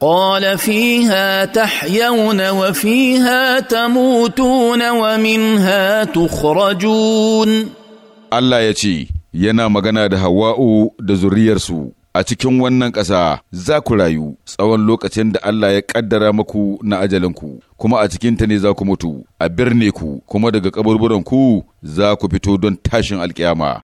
قال فيها تحيون وفيها تموتون ومنها تخرجون Allah ya ce, Yana magana da Hawa'u da zuriyarsu, a cikin wannan ƙasa za ku rayu tsawon lokacin da Allah ya ƙaddara maku na ajalinku, kuma a cikinta ne za ku mutu, a birne ku, kuma daga ku za ku fito don tashin alƙiyama.